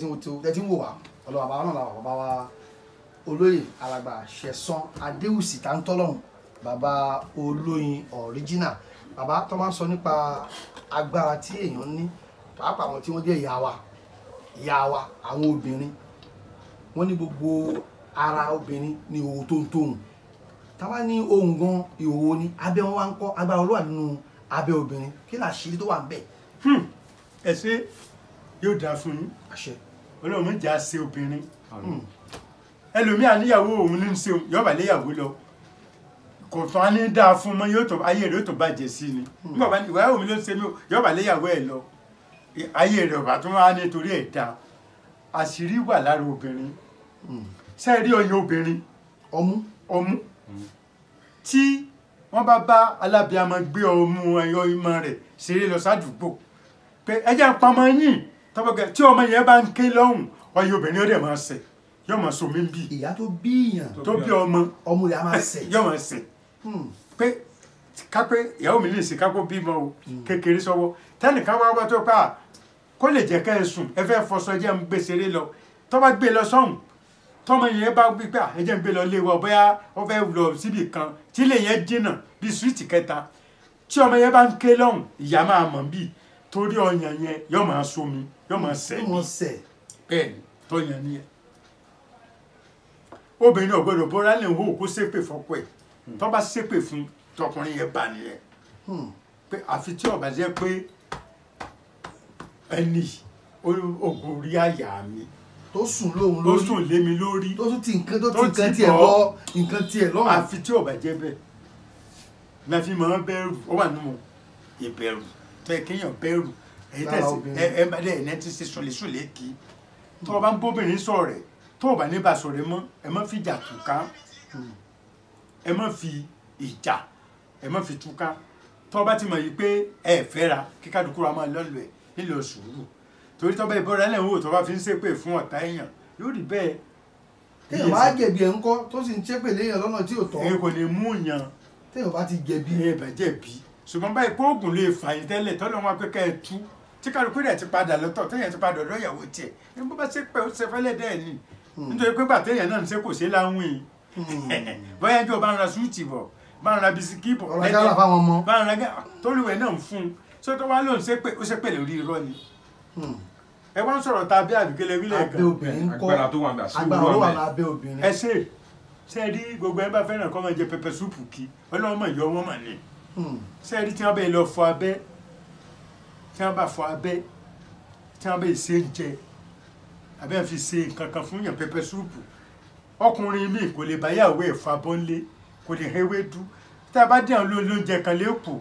tẹ́tí ń wò wá ọ̀dọ̀ bàbá náà làwọn bàbá wa olóyè alàgbà ṣẹ̀sán adéwùsì tá bàbá olóyin ọ̀ríjínà bàbá tó máa ń sọ nípa agbára tí èèyàn ní pàápàá àwọn tí wọ́n jẹ́ ìyá wa ìyá wa àwọn obìnrin wọ́n ní gbogbo ara obìnrin ní òwò tó ń tóhùn táwa ní ohun gan ìhòòhò ni abẹ́ wọn wá ń kọ́ agbára olúwa nínú abẹ́ obìnrin kí làṣírí tó wà ń bẹ̀. Hmm. ẹ ṣe yóò dáa fún yín ọlọ́run jà ṣe obìnrin hmm. ẹlòmíà níyàwó òun ní ṣe yọba léyàwó lọ kò tán á ní dáa fún mọ yóò tó ayé rẹ yóò tó bàjẹ́ sí ni hmm. nígbà bá ìwà òun ló ṣe mí yọba léyàwó ẹ lọ ayé rẹ ọba tó máa nítorí ẹ dáa àṣírí wà lára obìnrin hmm. ṣe rí ọyàn obìnrin ọmú ọmú tí wọ́n bá bá alábìàmọ gbé ọmú ẹyọ ìmọ rẹ ṣeré lọ sádùúgbò pé ẹjẹ pamọ yìí tọ́pọ̀kẹ́ tí ọmọ yẹn bá ń ké lọ́hùn ọyẹ obìnrin ó dẹ̀ máa sẹ̀ yóò máa so mí bí. ìyá tó bí èèyàn tó bí ọmọ ọmọ rẹ̀ á máa sẹ̀ yóò máa sẹ̀ hmm. pé kápẹ́ ìyàwó mi lè ṣe kápẹ́ bímọ o hmm. kékeré sọ́wọ́ tẹ́nìkan wá wá tó pa kó lè jẹ́ kẹ́ ẹ sùn ẹ fẹ́ fọṣọ jẹ́ ń gbé ṣeré lọ tọ́ bá gbé lọ sọ́hùn tọ́mọ yẹn bá gbígbà ẹ jẹ́ ń gbé lọ lé wa bóyá ó fẹ́ lọ síbì kan tí ilé yẹn dínà bíi súwìtì kẹta tí ọmọ yẹn bá ń ké lọ́hùn ìyá máa mọ̀ bíi torí ọyàn yẹn yóò máa somi yóò máa sẹ bẹ́ẹ̀ ni tọyàn ni ẹ obìnrin ọ̀gbọ́dọ̀ bọ́ra lè hó kó ṣépè fọ́kọ ẹ̀ hmm. tó bá ṣépè fún tọkùnrin yẹn bá nìyẹn hmm. pé àfi tí ọba jẹ́ pé ẹni ògùn orí àyà mi tó sùn lóhun lórí tó sùn lé mi lórí tó tún ti nǹkan tó ti nǹkan tiẹ̀ lọ nǹkan tiẹ̀ lọ́wọ́ àfi tí ọba jẹ́ bẹ́ẹ̀ la máa bẹ̀rù ó wà nínú ìbẹ̀rù tó yẹ kéèyàn bẹ̀rù ẹ̀yìn tẹ̀sí ẹ̀ ẹ̀ ti ṣe sọ̀lẹ̀sọ̀lẹ̀ kì í tó o bá ń bóbìnrin sọ̀rọ̀ rẹ̀ tó o bá ní bá sọ̀rọ̀ mọ́ ẹ má fi ìjà túká hmm. ẹ má fi ìjà ẹ má fi túká tó o bá ti mọ̀ yìí pé ẹ fẹ́ra kíkádùkú ra máa lọ́lọ́ ẹ̀ nílò sùúrù torí tó bá ìbọn rẹ̀ lẹ́wọ̀ tó bá fi ń ṣépè fún ọ̀tá èèyàn yóò rí bẹ́ẹ̀ téèyàn bá jẹ̀bi ẹ̀ ń kọ́ tó sì ń ṣépè léèyàn lọ́nà tí ò tọ́. èyí kò lè mú yàn. téèyàn bá ti jẹ̀bi. ẹ ṣùgbọ́n báyìí pé oògùn lè fà yín tẹ́lẹ̀ tọ́lọ́ wọn pé ká ẹ tú tí kálukú rẹ̀ ti padà lọ́tọ̀ téèyàn ti padà ọ̀dọ́ ìyàwó tiẹ̀ ní bó bá ṣe pẹ́ ó ṣe fẹ́lẹ́ dẹ́ẹ̀ ni hmm. nítorí pé gbà téèyàn náà ń ṣe kò ṣe láwìn hmm. bóyá jọ bá ń ra súùtì bọ̀ bá ń ra bisikì bọ̀ ẹ̀dẹ́ bá ń ra gàlà tólúwẹ̀ náà ń fún un sótó wá lóun ṣe pé ó ṣe pé lórí irọ́ ni hmm. ẹ wá ń sọ̀rọ̀ ta bí àbíkélé wílẹ̀ kan agbára tó wà ní abẹ́ obìnrin ẹ ṣe ṣe rí gbogbo ẹ bá fẹ́ràn kọ́ sẹ́ẹ̀rí tí wọ́n bẹ̀ lọ fọ abẹ́ tí wọ́n bá fọ abẹ́ tí wọ́n bẹ̀ ṣe ń jẹ abẹ́ fi ṣe nǹkan fún yàn pẹpẹ súùpù ọkùnrin mi kò lè báyàwó ẹ̀ fọ abọ́ ńlé kò lè hẹ́wé dú tá a bá dẹ̀ ló lóúnjẹ kan lẹ́kọ̀ọ́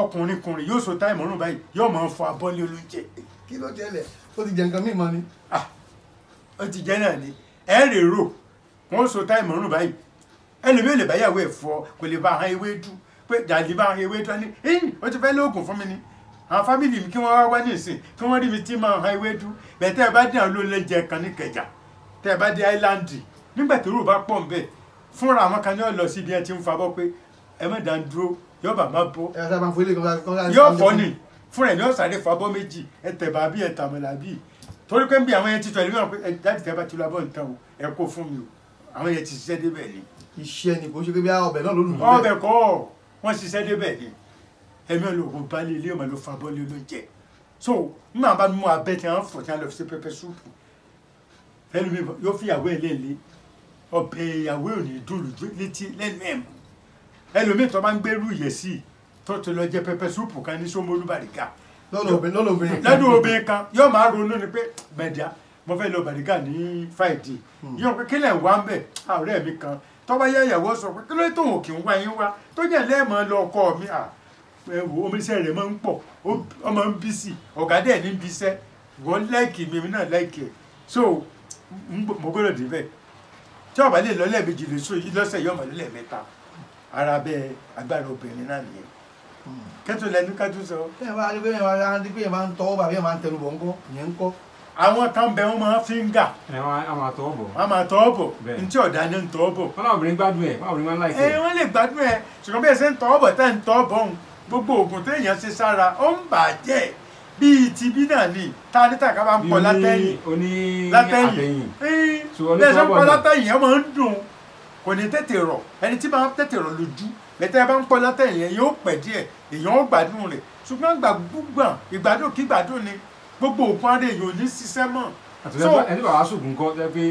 ọkùnrin kùnrin yóò so táìmù ọ̀rùn báyìí yóò máa fọ abọ́ ńlé olóúnjẹ. kí ló jẹ́lẹ̀ ó ti jẹ nǹkan míì mọ́ ni. ó ti jẹ́ náà ni ẹ rè rò wọ́n so táìmù ọ̀rùn báyìí ẹlòmíì ò lè báyàwó ẹ̀ fọ kò lè bá ahọ́n ewé dùn pé jàdí bá ewé tó ní ẹ̀yìn ó ti fẹ́ lóògùn fún mi ni àwọn fámìlì mi kí wọ́n wá wá ní ìsìn kí wọ́n rí mi tí máa han ewé dú bẹ́ẹ̀ tẹ́ ẹ bá dín àwọn olóòlé jẹ kan ní kẹjà tẹ́ ẹ bá dé áìláńdì nígbà tó rò bá pọ̀ ń bẹ̀ fúnra àwọn kan yóò lọ síbi ẹ ti ń fabọ́ pé ẹ mọ̀ dá dúró yóò bàbá bọ́ yóò fọ́ ni fúnra ẹ̀ ní ọ̀sàdé fabọ́ méjì ẹ tẹ̀bà bí ẹ tàmọ̀là bí torí pé ń bí àwọn yẹn ti tọ̀ ẹ̀lẹ́mìíràn pé jáde tẹ́ bá ti lọ abọ́ nǹkan o ẹ kó fún o àwọn yẹn ti ṣiṣẹ́ débẹ̀ ni. iṣẹ́ ni wọ́n ṣiṣẹ́ débẹ̀ ni ẹ̀mí olóògùn balẹ̀ ilé ọmọ ló fa bọ́ọ̀lì olóúnjẹ so n máa bá mú abẹ́ tí wọ́n fọ̀ tí wọ́n lọ fi ṣe pẹpẹ súùpù ẹlòmíì yóò fi ìyàwó ẹ̀ lẹ́lẹ́ ọbẹ̀ ìyàwó ò ní dùn létí lẹ́nu ẹ̀ mú ẹlòmíì tó máa ń gbẹ́rù ìyẹ̀sì tó ti lọ jẹ pẹpẹ súùpù kan ní Ṣómólú Bàrígà lọ́dún obìnrin kan yóò máa ronú ni pé mẹ̀díà mo fẹ́ lọ Bàrígà ní Friday hmm. yóò pé kílẹ̀ wá ń bẹ̀ àwòrán ah, mi kan tọ́ba yá ìyàwó sọ pé kí ló tó òkè ń wá yín wá tó jẹ́ lẹ́ẹ̀mọ́ lọ ọkọ mi à ẹ̀wò omiṣẹ́ rẹ̀ máa ń pọ̀ ọmọ ń bí sí ọ̀gá dẹ̀ ní bí iṣẹ́ wọ́n láìkì mi èmi náà láìkì ẹ̀ so mo gbọ́dọ̀ débẹ̀ tí ọba lè lọ lẹ́ẹ̀mejì lè so lọ́sẹ̀ yóò mọ̀ lẹ́ẹ̀mẹ́ta ara bẹ́ẹ̀ agbára obìnrin náà nìyẹn hmm. kẹ́tù lẹ́nu kájú sọ. bẹ́ẹ̀ bá a rí pé yẹn máa ń tọwọ́ bàbá yẹn máa ń tẹnu bọ̀ ńkọ́ yẹn ńkọ́ àwọn tán bẹ wọn máa fíńgà. ẹ wọn a máa tọ́ bọ̀. a máa tọ́ bọ̀ ntí ọ̀dà ni ń tọ́ bọ̀. wọn làwọn obìnrin gbádùn ẹ wọn obìnrin máa ń láìpẹ́. ẹ wọn lè gbádùn ẹ ṣùgbọ́n bí ẹ ṣe ń tọ́ bọ̀ tẹ́ ń tọ́ bọ̀ ń gbogbo oògùn téèyàn ṣe sára ó ń bàjẹ́ bíi ti bí náà ni ta ní tàkà bá ń pọ látẹ̀yìn látẹ̀yìn bẹ́ẹ̀ ṣe ń pọ látẹ̀yìn ẹ máa ń dùn kò ní tètè rọ̀ ẹni tí máa tètè rọ̀ lójú bẹ́tẹ̀ bá ń ni gbogbo ògùn adé yìí ò ní ṣiṣẹ́ mọ́. àtúntò ẹni bàbá aṣoògùn kọ́ jẹ́ pé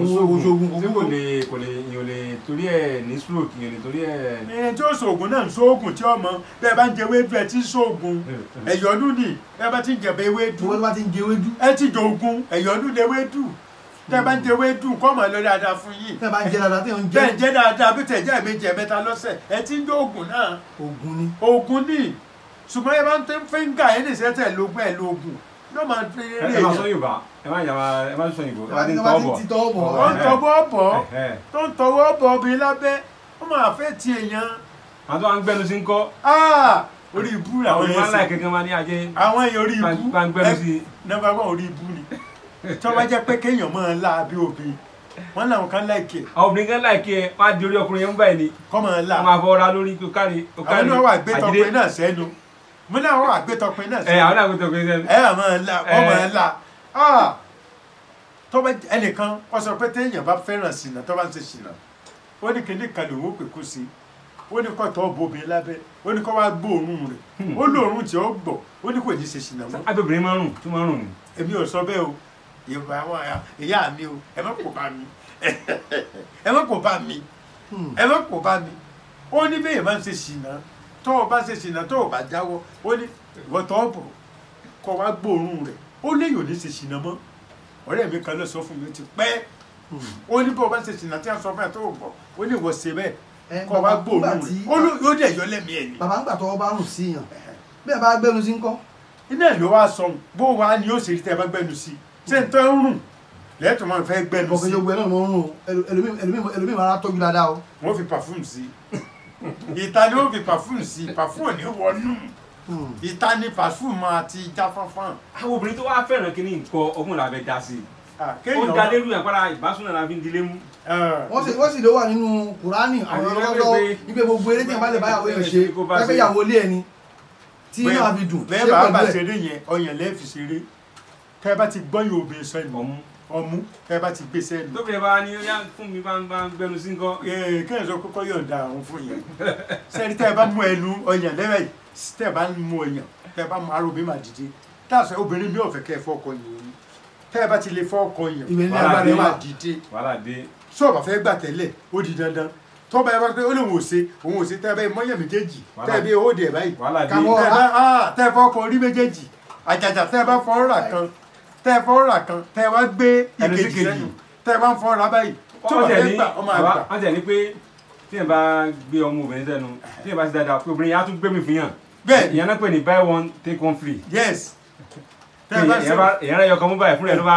oṣoògùn tí kò lè kò lè yàn lè torí ẹ̀ ní stroke yàn lè torí ẹ̀. ẹni tí ó ṣoògùn náà ń ṣoògùn tí ọmọ bẹ́ẹ̀ bá ń jẹ ewédú ẹ ti ń ṣoògùn ẹ̀yọ́dún ni bẹ́ẹ̀ bá ti ń jẹ̀bẹ̀ ewédú ẹ ti jòògùn ẹ̀yọ́dún ni ewédú tẹ bá ń jẹ ewédú kọ́ mọ̀ lórí ada fún yín tẹ bá ń jẹ dáadáa tẹ ń jẹ bẹ́ẹ̀ jẹ dáadáa bí tẹ̀ jẹ́ méje mẹ́ta lọ́sẹ̀ ẹ ti ń jẹ oògùn náà oògùn ni oògùn ni ṣùgbọ́n ẹ bá ń tẹ́ fíńgà ẹ nìṣẹ́ tẹ̀ lógún ẹ lóògùn yóò máa fi eré èèyàn. ẹ máa sọ yorùbá ẹ máa yàrá ẹ máa sọ yorùbá ẹ máa ti tọwọ́ bọ̀ tó ń tọwọ́ bọ̀ tó ń tọwọ́ bọ̀ obìnrin lábẹ́ ó máa fẹ́ ti èèyàn. àti wọn gbẹnu sí ń kọ. Ah, orí ibú làwọn yẹn sè. àwọn ìmọ̀lá kankan máa ní ajé. àwọn èèyàn orí ibú ẹ nọ́mbà wọn orí ibú ni tó bá jẹ́ pé kéèyàn máa láabi obìnrin wọn làwọn kan láìkè. àwọn obìnrin kan láìkè wọn á di orí ọkùnrin yẹn ń báyìí ni. kọ́ máa la. wọn máa fọ ọra lórí kí o káre. àwọn náà wà gbé tọkùnrin náà sẹ́nu mo ní àwọn àgbétọpin náà. ẹ àwọn àgbétọpin náà. ẹ ọmọ ńlá ọmọ ńlá tọ́ba ẹnìkan ó sọ pé téèyàn bá fẹ́ràn ṣìnà tọ́ba ń ṣe ṣìnà ó ní kíní kan lòun ó pè kú sí ó ní kó tọ́ bóbi lábẹ́ ó ní kó wá gbóòórùn rẹ̀ ó lóòórùn tí ó gbọ̀ ó ní kò ní ṣe ṣìnà mọ́. abẹ́bìnrin máa ń rùn tí máa ń rùn ni. èmi ò sọ bẹ́ẹ̀ o ìyá mi o ẹ má kó bá mi ẹ má kó bá mi hmm. ẹ má kó bá mi ó ní bẹ́ẹ̀ máa ń ṣe ṣìnà tó o bá ṣe ṣìnà tó o bá jáwọ́ ó ní ìwọ tó o bọ̀ kọ́ wá gbóòórùn rẹ̀ ó léyìn ò ní ṣe ṣìnà mọ́ ọ̀rẹ́ mi kan ló sọ fún mi ti pẹ́ ó ní bó o bá ṣe ṣìnà tí a sọ fún ẹ tó o bọ̀ ó ní ìwọ ṣe bẹ́ẹ̀ kọ́ wá gbóòórùn rẹ̀ ó dẹ̀ yọ lẹ́mìí ẹ̀ ni. bàbá ń gbà tó o bá rùn sí yàn bẹ́ẹ̀ bá gbẹ́nu sí ń kọ́. iná ló wá sọ bó wa ni ó ṣe rí tẹ́ ẹ bá gbẹ́nu sí ṣé n tọ́ ń rùn lẹ́tọ̀ máa fẹ́ gbẹ́nu sí. ọkọ̀ yóò gbẹ́ náà mọ̀ ń tọ́jú dáadáa o. wọ́n fi pàfúùmù sí i ìta ni ó fi pàfún sí pàfún ò ní wọnú ìta ni pàfún máa ti já fánfán. àwọn obìnrin tó wáá fẹ́ràn kí ni nǹkan ọgbọ́n la fẹ́ dá sí i ó da lérú yàn para ìbásùnà la fi ń dilé mú. wọ́n sì ló wà nínú kùránì àwọn ọlọ́dọ́ wípé gbogbo eré tí wọ́n bá lè báyàwó yẹn ṣe pẹ́pẹ́ ìyàwó ilé ẹni tí inú àbí dùn ṣé pẹ̀lú ẹ̀. bẹ́ẹ̀ bá bá ṣeré yẹn ọyàn lẹ́ẹ̀fì ṣeré kẹ́ bá ti gbọ́yìn obìnrin sọ ìmọ̀ mú ọmú ẹ bá ti gbèsè lò. tóbi ẹ bá ní yá fún mi bá ń bá ń gbẹnu sí nǹkan. ee kéèyàn sọ kókó yọ̀ǹda àwọn fún yẹn sẹ́ni tẹ́ ẹ bá mú ẹnu ọyàn lẹ́wẹ̀ tẹ́ ẹ bá mú ọyàn tẹ́ ẹ bá mú aró mi dìde tá a sọ obìnrin mi ò fẹ́ kẹ́ ẹ fọ́kọ yẹn tẹ́ ẹ bá ti lè fọ́kọ yẹn wàhálà mi mà dìde sọ ọ̀bà fẹ́ gbà tẹ́lẹ̀ ó di dandan tọ́ba ẹ bá pé ó lè wò ṣe òun ò ṣe tẹ́ ẹ bá mọ́yàn méjèèjì tẹ́ ẹ bí owó dẹ̀ báyìí kàwọ́ tẹ́ ẹ bá ah, fọ́ ọkọ̀ orí méjèèjì àjàjà tẹ́ ẹ bá fọ́ kan tẹ́ ẹ fọwọ́ rà kan tẹ́ ẹ wá gbé ìkejì sẹ́yìn tẹ́ ẹ wá ń fọwọ́ rà báyìí tí wọ́n fẹ́ gbà ọmọ àgbà. ní pé tí ẹ bá gbé ọmọ obìnrin sẹ́nu tí ẹ bá ti dáadáa pé obìnrin yẹn á tún gbé mi fi hàn. bẹ́ẹ̀ ìyẹn náà pè ní buy one take one free. yes. ìyẹn náà yọkọ mú báyìí fúnra ẹ̀ ló bá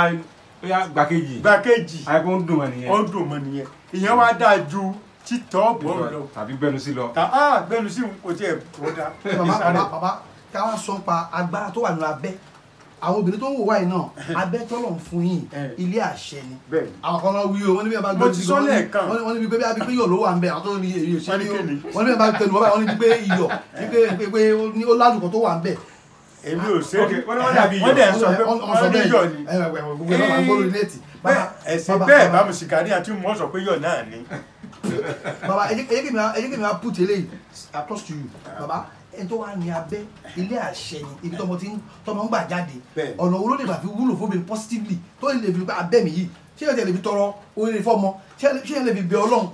gbàkejì. gbàkejì àyẹ̀kọ́ ń dùn mọ́ nìyẹn. ó ń dùn mọ́ nìyẹn ìyẹn wá dáa ju títọ́ bọ́ọ̀lù lọ. tàbí gbẹnusí lọ. Ah, àwọn obìnrin tó ń wò wáyé náà abẹ́tọ́lọ̀ ń fún yín eh. ilé àṣẹ ni àwọn kan náà wí o wọ́n ní bí wọ́n bá gbé ti gan wọ́n ní bí pé bí pé iyọ̀ ló wà ń bẹ àwọn tó ní iyọ̀ ṣe ni wọ́n ní bí wọ́n bá tẹnu wọ́n báyìí wọ́n ní bí pé iyọ̀ pé pé ó ládùúkọ tó wà ń bẹ. èmi ò ṣe é wọ́n dàbí iyọ̀ wọ́n dẹ̀ sọ pé wọ́n ní iyọ̀ ni eh, eh, ẹ̀sìn bẹ́ẹ̀ bá mi ṣìkàrí àti mọ́ sọ pé iyọ̀ náà ni. baba ẹ jẹ́ kí mi wá put eléyìí across to you baba ẹni tó wà ní abẹ́ ilé àṣẹ ni ibi tọmọ ti ń tọmọ ń gbà jáde ọ̀nà wo ló lè bàfi wúlò fún mi positively tó lè fi pé abẹ́ mi yìí ṣé ẹ̀ lè fi tọrọ oore fọmọ ṣé ẹ̀ lè fi bẹ ọlọ́run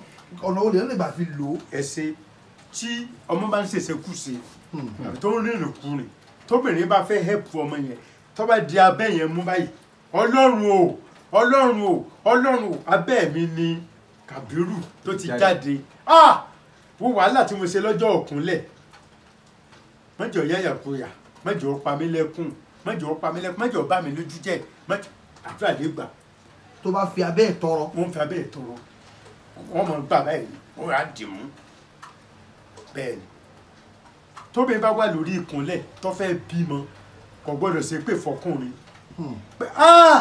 ọ̀nà wo lè lè bàfi lò ó. ẹsẹ tí ọmọ bá ń ṣèṣe kù àbí tó ń rìnrìn kù tóbìnrin bá fẹ́ help ọmọ yẹn tó bá di abẹ́ yẹn mú báyìí ọlọ́run o ọlọ́run o ọlọ́run o mi ni kàbírù tó ti jáde ah wo wàhálà tí mo ṣe lọ́jọ́ òkúnlẹ̀ mọ́jọ yẹ̀yẹ̀ kúyà mọ́jọ pamílẹ́kùn mọ́jọ pamílẹ́kùn mọ́jọ bá mi lójú jẹ́ mọ́jọ àdúrà lè gbà. tó bá fi abẹ́ ẹ̀ tọrọ. wọ́n fi abẹ́ ẹ̀ tọrọ wọ́n mọ̀ gbà báyìí wọ́n á dì mú bẹ́ẹ̀ ni tóbi bá wà lórí ìkúnlẹ̀ tó fẹ́ bímọ kò gbọ́dọ̀ ṣe pé fọkùnrin hmm. pé ah!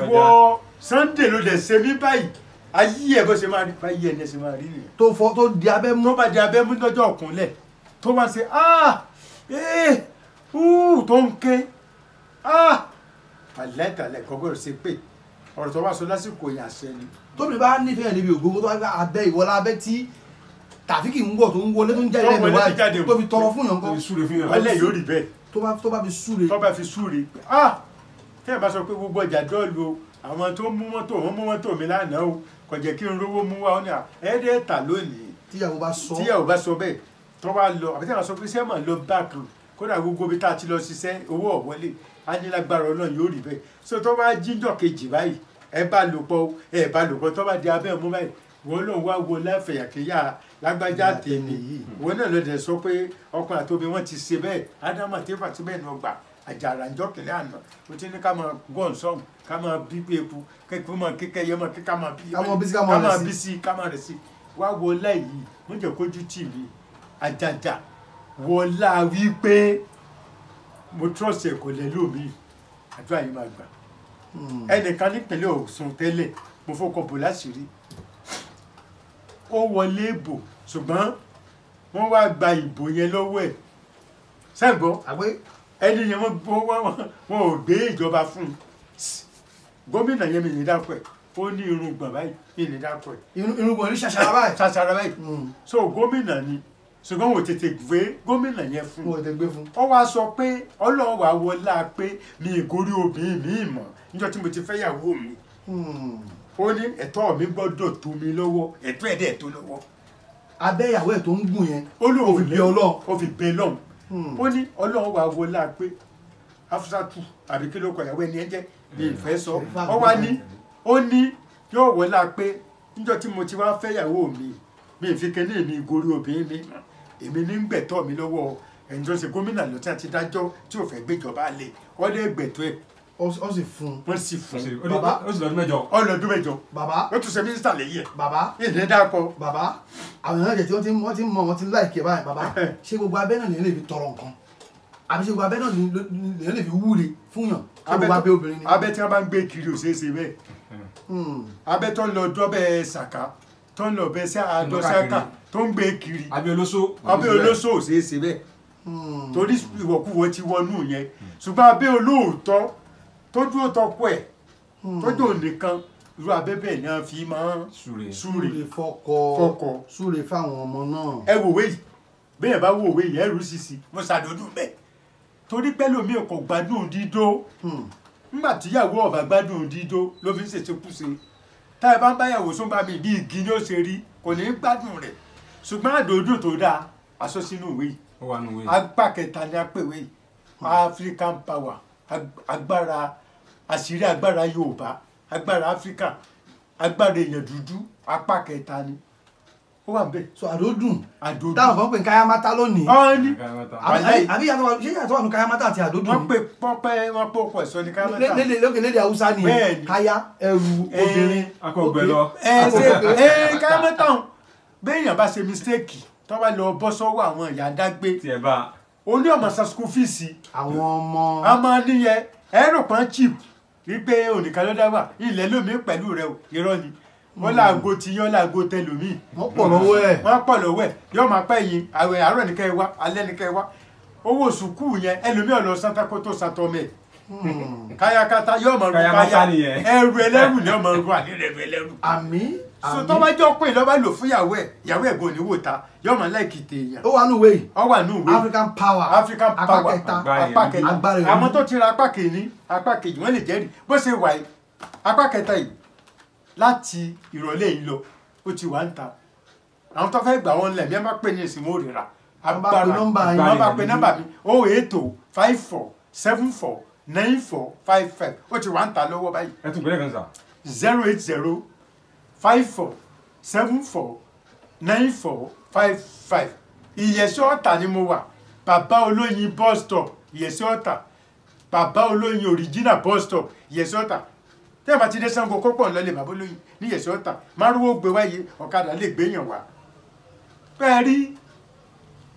ìwọ Sunday ló dẹ̀ ṣe mí báyìí ayé ẹ̀ bó ṣe máa rí báyìí ẹ̀ ní ẹ̀ ṣe máa rí nìyẹn. tó fọ tó di abẹ́ tó bá di abẹ́ lọ́jọ́ ìkúnlẹ̀ tó máa ṣe ah ee eh, uu tó ń ké ah àlẹ́tàlẹ́ kọ́kọ́ rẹ̀ ṣe pé ọ̀rọ̀ tó bá sọ lásìkò yẹn àṣẹ ni. tóbi bá nífẹ̀ẹ́ níbi ògbógbó tó bá abẹ́ ìwọlá abẹ́ tí ń wọ̀ tó ń wọlé tó ń jáde lẹ́nu wáyé tóbi tọrọ fún yàn kan. ọlẹ́ yóò rí bẹ́ẹ̀. tó bá fi súre. tó bá fi súre ah bá sọ pé gbogbo ọjà dọ́ọ̀lù o àwọn tó mú mọ́tò wọn mú mọ́tò mi lánàá o kò kí n rówó mú wa ó ní ẹ̀ẹ́dẹ́ta lónìí. tíyàwó bá sọ bẹ́ẹ̀ tó bá lọ àbí tí wọ́n sọ pé sẹ́mọ̀ lọ bá kan kódà gbogbo ibi tá a ti lọ ṣiṣẹ́ owó ọ̀wọ́lé anílágbára ọlọ́run yóò rí bẹ́ẹ̀ so tó bá jíjọ kejì báyìí ẹ bá lò pọ̀ ẹ bá lò pọ̀ tó bá di abẹ́ mú báyìí wọ́n lòun wá wo láfẹ̀yàkẹ́yà lágbájá tèmi yìí wọ́n náà lọ́dẹ̀ sọ pé ọkùnrin àtòbí wọn ti ṣe bẹ́ẹ̀ ádámù àti éfà ti bẹ́ẹ̀ nù ọgbà àjàrà ńjọkìlẹ̀ àná o ti ní ká máa gọ́ọ̀n sọ́hùn ká máa bí pé epo kẹ́kẹ́ máa kékẹ́ yẹ máa kí ká máa bí sí ká máa rẹ̀ sí wá wo láì mo jẹ́ kójú tì mí àjàjà wọlá wípé mo trust ẹ̀ kò lẹ́lò mi àdúrà yìí máa gbà hmm. ẹnìkan nípínlẹ̀ Ọ̀ṣun tẹ́lẹ̀ mo fọkọ̀ bò láṣìírí ó wọlé ìbò ṣùgbọ́n wọ́n wá gba ìbò yẹn lọ́wọ́ ẹ̀ sẹ́gbọ́ ẹni yẹn wọ́n ò gbé ìjọba fún un gómìnà yẹn mi ní dákọ̀ ẹ̀ ó ní irun gbọ̀n báyìí mi ní dákọ̀ ẹ̀. irun gbọ̀n ní ṣàṣàrà báyìí. ṣàṣàrà báyìí hmm. so gómìnà ni ṣùgbọ́n wò tètè gbé gómìnà yẹn fún un. wò tètè gbé fún un. ó wáá sọ pé ọlọ́run wàá wọlá pé mi ì gorí obìnrin mi ì mọ̀ níjọ́ tí mo ti fẹ́ yàwó mi. Hmm. ó ní ẹ̀tọ́ mi gbọ́dọ̀ tó mi lọ́wọ́ ẹ̀tọ́ ẹ̀ dẹ̀ tó lọ́wọ́. abẹ́yàwó ẹ̀ tó ń gùn yẹn. ó lóun fi bẹ ọlọ́run. ó fi bẹ lọ́run. Hmm. ó ní ọlọ́run wàá wọlá pé afusatu àbí kí ló kọ ìyàwó ẹni ẹ jẹ́ mi ì fẹ́ sọ. ó wá ní ó ní yóò wọlá pé níjọ́ tí mo ti wá fẹ́ yàwó mi mi ì fi kẹ́lé mi obìnrin mi èmi ní gbẹ̀tọ́ mi lọ́wọ́ ẹni tó ṣe gómìnà lọ́tí àti dájọ́ tí ò fẹ́ gbéjọba lé wọ́n lé gbẹ̀tọ́ ẹ̀. ó sì fún un. wọ́n sì fún un. bàbá ó sì lọ́dún mẹ́jọ. ó lọ́dún mẹ́jọ. bàbá ó tún ṣe mínísítà lẹ́yìn ẹ̀. bàbá ìdílé dákọ. bàbá àwọn èèyàn jẹ tí wọ́n ti mọ wọn ti láìkẹ́ báyìí bàbá eh. ṣé gbogbo abẹ́ náà lè fi tọrọ nǹkan àbí ṣe gbogbo abẹ́ náà lè lè fi wúre fún yàn ṣé gbogbo abẹ́ obìnrin ni. abẹ́ tí wọ́n bá ń gbé kiri ò ṣeé ṣe bẹ́ẹ̀ hmm. abẹ́ tó lọ dọ́bẹ̀ ṣàkà tó ń lọ bẹ sí àádọ́sáká tó ń gbé kiri abẹ́ olóṣó ò ṣeé ṣe bẹ́ẹ̀ hmm. torí ìwọ̀kuwọ̀ ti wọnú yẹn ṣùgbọ́n abẹ́ olóòótọ́ tójú òótọ́ kú ẹ̀ hmm. tójú òǹdìkan irú abẹ́ bẹ́ẹ̀ ni wọ́n fi máa ń súre fọkọ súre fáwọn ọmọ náà. ẹ wòwe yìí bẹ́ẹ̀ bá wòwe yìí ẹrù sisi mo ṣàdọ́dún bẹ́ẹ̀ torí pẹ́lòmíì kò gbádùn dídó hmm. nígbà tíyàwó ọ̀bà gbádùn dídó ló fi ń ṣètò kùsè tá ẹ bá ń báyàwó sún bá mi bí igi ni ó ṣe rí kò ní í gbádùn rẹ̀ ṣùgbọ́n àdòdò tó dáa aṣọ sínú ìwé yìí agbá kẹta ni a pè wé yìí African power agbára àṣírí agbára Yorùbá agbára Áfíríkà agbára èèyàn dúdú apá kẹta ni ó wà bẹ́ẹ̀. so àdódùn àdódùn táwọn kan pè ní káyámátá lónìí. ọ ní àbí yàtọ̀ wà ṣé yàtọ̀ wà ní káyámátá àti àdódùn. wọ́n pe pọ́pẹ́ wọ́n pọ̀ pọ̀ sọ ní káyámátá. lédè lókè lédè haúsá ni káyá ẹrù obìnrin. akọgbẹ lọ. ẹ ẹ káyámátá ọ̀hún béèyàn bá ṣe mistake tó bá lọ bọ́ sọ́wọ́ àwọn ìyá dágbé. tiẹ̀ bá a. o ní ọmọ san school fees. àwọn ọmọ. ọmọ níyẹn ẹ̀rọ kan chip wípé onìkan ló dá wọ́n hmm. làgò tí yọ́ làgò tẹlòmíì. wọ́n pọ̀ lọ́wọ́ ẹ̀. wọ́n pọ̀ lọ́wọ́ ẹ̀ yọ́ máa pẹ́ yìí àwẹ̀ àárọ̀ nìkẹ́ ẹ wá alẹ́ nìkẹ́ ẹ wá owó sùkúù yẹn ẹlòmíì ọ̀lọ́ sátá kó tó sátọ́ mẹ́ẹ̀. Hmm. káyakátá yọ́ máa ru káyà ẹrù ẹlẹ́rù ni ọmọ ru àní ẹrù ẹlẹ́rù. àmì àmì. so tọ́ba jọ pé lọ́ba lò fún yàwó ẹ̀ yàwó ẹ̀ gbọ́n níwò ta yọ́ máa láìkì tèèyàn. ó wà nù wéyì. ó wà nù wéyì. African power. African power apá kẹta apá kẹta agbára ìlú. àwọn tó ti ra apá kìíní apá kejì wọ́n lè jẹ́rìí bó ṣe wà yìí apá kẹta yìí láti ìrọ̀lẹ́ yìí lọ ó ti wà ń ta àwọn tó fẹ́ gbà wọn lẹ̀ bí wọ́n bá pè ní ìsìn wọn ò rira agbára wọ́n bá pè nọ́mbà mi o oh, eight o oh, five four seven four nine four five five ó ti wà ń ta lọ́wọ́ báyìí. ẹ tún gbé lẹ́gàn sá. zero eight zero five four seven four nine four five five ìyẹ̀sí ọ̀tà ni mo wà bàbá olóyin bus stop ìyẹ̀sí ọ̀tà bàbá olóyin original bus stop ìyẹ̀sí ọ̀tà tẹ́ ẹ̀ bá ti dé Ṣàngó kó pọ̀ lọ́lẹ̀ bàbá olóyin ní yẹ̀sì ọ̀tà márùwò gbé wáyé ọ̀kadà lè gbéyàn wá. bẹ́ẹ̀ rí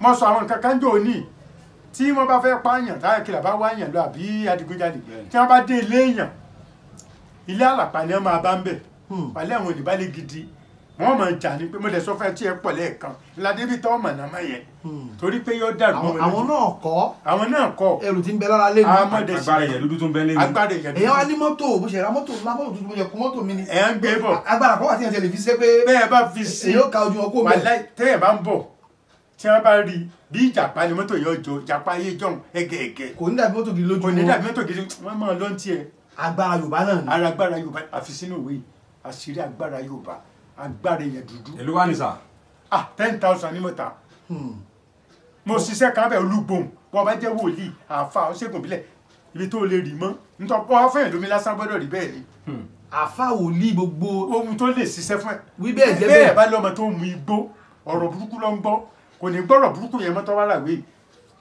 mo sọ àwọn nǹkan kan jò ní tí wọ́n bá fẹ́ pààyàn táyà kìlà bá wáyàn lọ àbí adigunjalè tí wọ́n bá dé ilé èèyàn ilé àlàpà ni wọ́n máa bá ń bẹ̀ pàlẹ́ hmm. àwọn olùbálẹ̀ gidi wọ́n mọ̀ jà ní pé mo lè sọ fún ẹ tí ẹ pọ̀ lẹ́ẹ̀kan ládébí tó mọ̀ náà mọ̀ yẹn hmm. torí pé yóò dàrú mọ́ àwọn náà kọ́ àwọn náà kọ́ ẹrù tí ń bẹ lára lẹ́nu agbára ìyẹn dúdú tó ń bẹ lẹ́nu agbára ìyẹn dúdú. èèyàn wá ní mọ́tò bó ṣe ra mọ́tò ńlá mọ́tò tuntun bó ṣe kó mọ́tò mi ni. ẹ̀yàn gbé bọ̀ agbára kọ́ wà tí yẹn tẹ̀lé fi ṣe pé bẹ́ẹ̀ bá fi ṣe èèyàn ka ojú ọkọ bẹ́ẹ̀. tẹ́yẹ̀ bá ń bọ̀ tí wọ́n bá rí bí ìjàpá ni mọ́tò yóò jọ ìjàpá ayé jọ̀hún ẹgẹẹgẹ. kò ní dàbí mọ́tò gidi lójú wọn kò ní dàbí mọ́tò gidi wọ́n máa lọ́ntì ẹ̀. agbára Yorùbá náà ni. ara agbára Yorùbá àfi sínú ìwé àṣírí agbára Yorùbá agbára yẹn dúdú. èló wà ní sà. ah ten thousand ni mo ta hmm. mo ṣiṣẹ́ kan bẹ̀ olúgbòhùn bọ́ bá jẹ́ wòlíì àáfà ọ̀ṣẹ́gun bílẹ̀ ibi tó lè rí mọ́ nítorí wọ́n fẹ́yìn lómi lásán gbọ́dọ̀ rí bẹ́ẹ̀ ni. Hmm. àáfà wòlíì gbogbo. ohun tó lè ṣiṣẹ́ fún ẹ. wí bẹ́ẹ̀ jẹ́ bẹ́ẹ̀. bẹ́ẹ̀ bá lọ́mọ tó mu igbó ọ̀rọ̀ burúkú ló ń gbọ́ kò ní gbọ́rọ̀ burúkú yẹn mọ́ tó wá làwé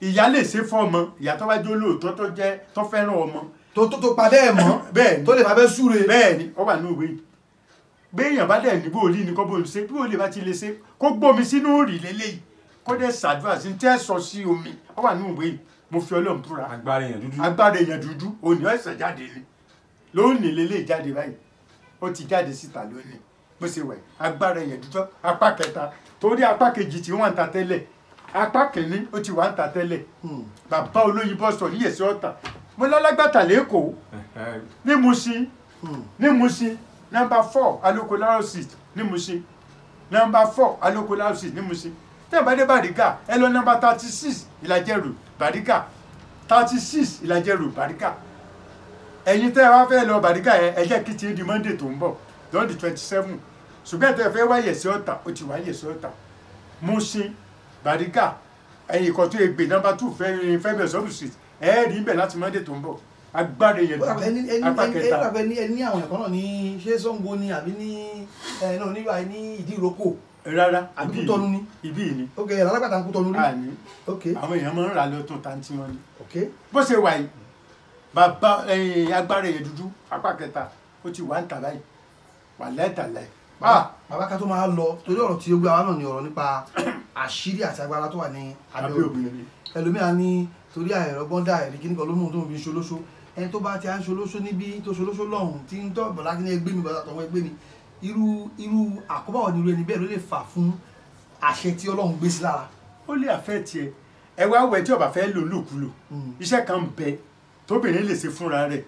ìyá lè ṣe fún ọmọ ìyá tó bá jẹ́ olóòótọ́ tó jẹ́ tó fẹ́ràn ọmọ. tó tó tó pa bẹ́ẹ̀ mọ́ bẹ́ẹ̀ tó lè pa bẹ́ẹ̀ súre. bẹ́ẹ̀ ni ọ wà ní òwe yìí béèyàn bá dẹ̀ ní bòólì ní kọ́ bòólì ṣe bí bòólì bá ti lè ṣe kó gbómi sínú òrì lélẹ́yìí kó dẹ̀ ṣàdúrà sí tẹ́ sọ sí omi ó wà ní ìwé yìí mo fi ọlọ́run búra agbára èèyàn dúdú agbára èèyàn dúdú òní ọ̀sẹ̀ jáde ni lónìí lélẹ́yìí jáde báyìí ó ti jáde síta lónìí bó ṣe wẹ̀ agbára èèyàn dúdú apá kẹta torí apá kejì tí wọ́n ń ta tẹ́lẹ̀ apá kìíní ó ti wà ń ta tẹ́lẹ̀ hmm. bàbá olóyìnbó sọ níyèsí ọ̀tà mo lálágbàtà lẹ́kọ̀ọ́ ní Muṣin hmm. ní Muṣin Number four aloko laro street ní Mushin nọmba four aloko laro street ní Mushin tẹ́ẹ̀ bá dé Bàrígà ẹ lọ nọmba thirty six ìlàjẹrù Bàrígà thirty six ìlàjẹrù Bàrígà ẹ̀yin tẹ́ ẹ wá fẹ́ lọ Bàrígà yẹn ẹ jẹ́ kí ti di Monday tó ń bọ̀ lọ́dún twenty seven ṣùgbọ́n tẹ́ ẹ fẹ́ wáyè sí ọ̀tà ó ti wáyè sí ọ̀tà Mushin Bàrígà ẹ̀yin kan tó yẹ gbé number two Fẹ́mi Ọ̀ṣọ́bù street ẹ̀ẹ́rì ń bẹ̀ láti Monday tó ń bọ̀ agbára yẹn dùn apá kẹta ẹni ẹni àwọn ẹ̀kọ́ náà ní ṣé Ṣàngó ni àbí ní ẹ̀ náà nígbà ní ìdí ìrókò rárá àbí ìní ìbí ìní. ok alágbàtà ń kú tọnu rí. àní àwọn èèyàn máa ń rà lọ́tọ̀ tàǹtí wọn ni. ok bó ṣe wà yìí bàbá agbára yẹn dúdú apá kẹta ó ti wà ń tà báyìí wà lẹ́ẹ̀tà lẹ́ẹ̀. bàbá ká tó máa lọ torí ọ̀rọ̀ tí ó gbé àwa náà ni ọ̀rọ̀ nípa àṣírí àti agbára tó wà ní abẹ́ obìnrin ẹlòmíà ní torí àìrọ́gbọ́n dá ẹ̀rí kíníkan ló mú un tó ń fi ṣolóṣó ẹni tó bá ti à ń ṣolóṣó níbí tó ṣolóṣó lọ́hùn tí ń tọ́ bọ̀lá kí ẹgbẹ́ mi bọ̀lá tọ̀wọ́ ẹgbẹ́ mi irú irú àkóbá wọn irú ẹni bẹ́ẹ̀ ló lè fà fún àṣẹ tí ọlọ́run gbé sí lára. ó lè àfẹ́ tiẹ̀ ẹ wá wẹ̀ tí ọba fẹ́ lò lòkulò hmm. iṣẹ́ kan bẹ tóbìnrin lè ṣe fúnra rẹ̀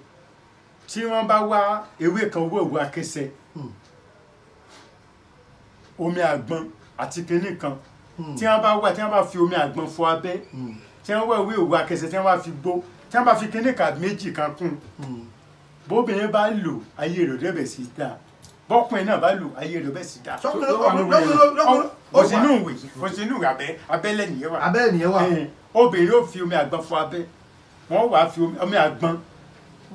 tí wọ́n bá wá ewé kan owó ìwé akẹsẹ̀ hmm. omi àgbọn àti kinní kan hmm. tí wọ́n bá wá tí wọ́n bá fi omi àgbọn fọ abẹ́ tí wọ́n wá ewé ìwé akẹsẹ̀ tí wọ́n bá fi gbó tí wọ́n bá fi kíní kà méjì kan kún bóbìnrin bá lò ayé rẹ̀ dẹ́bẹ̀ sí dáa bọ́kùnrin náà bá lò ayé rẹ̀ bẹ́ẹ̀ sì dáa. òsínú ìwé òsínú abẹ́ abẹ́lẹ̀ nìyẹn wà. abẹ́lẹ̀ nìyẹn wà. obìnrin yóò fi omi àgbọn fọ abẹ́ wọ́n wà á fi omi àgbọn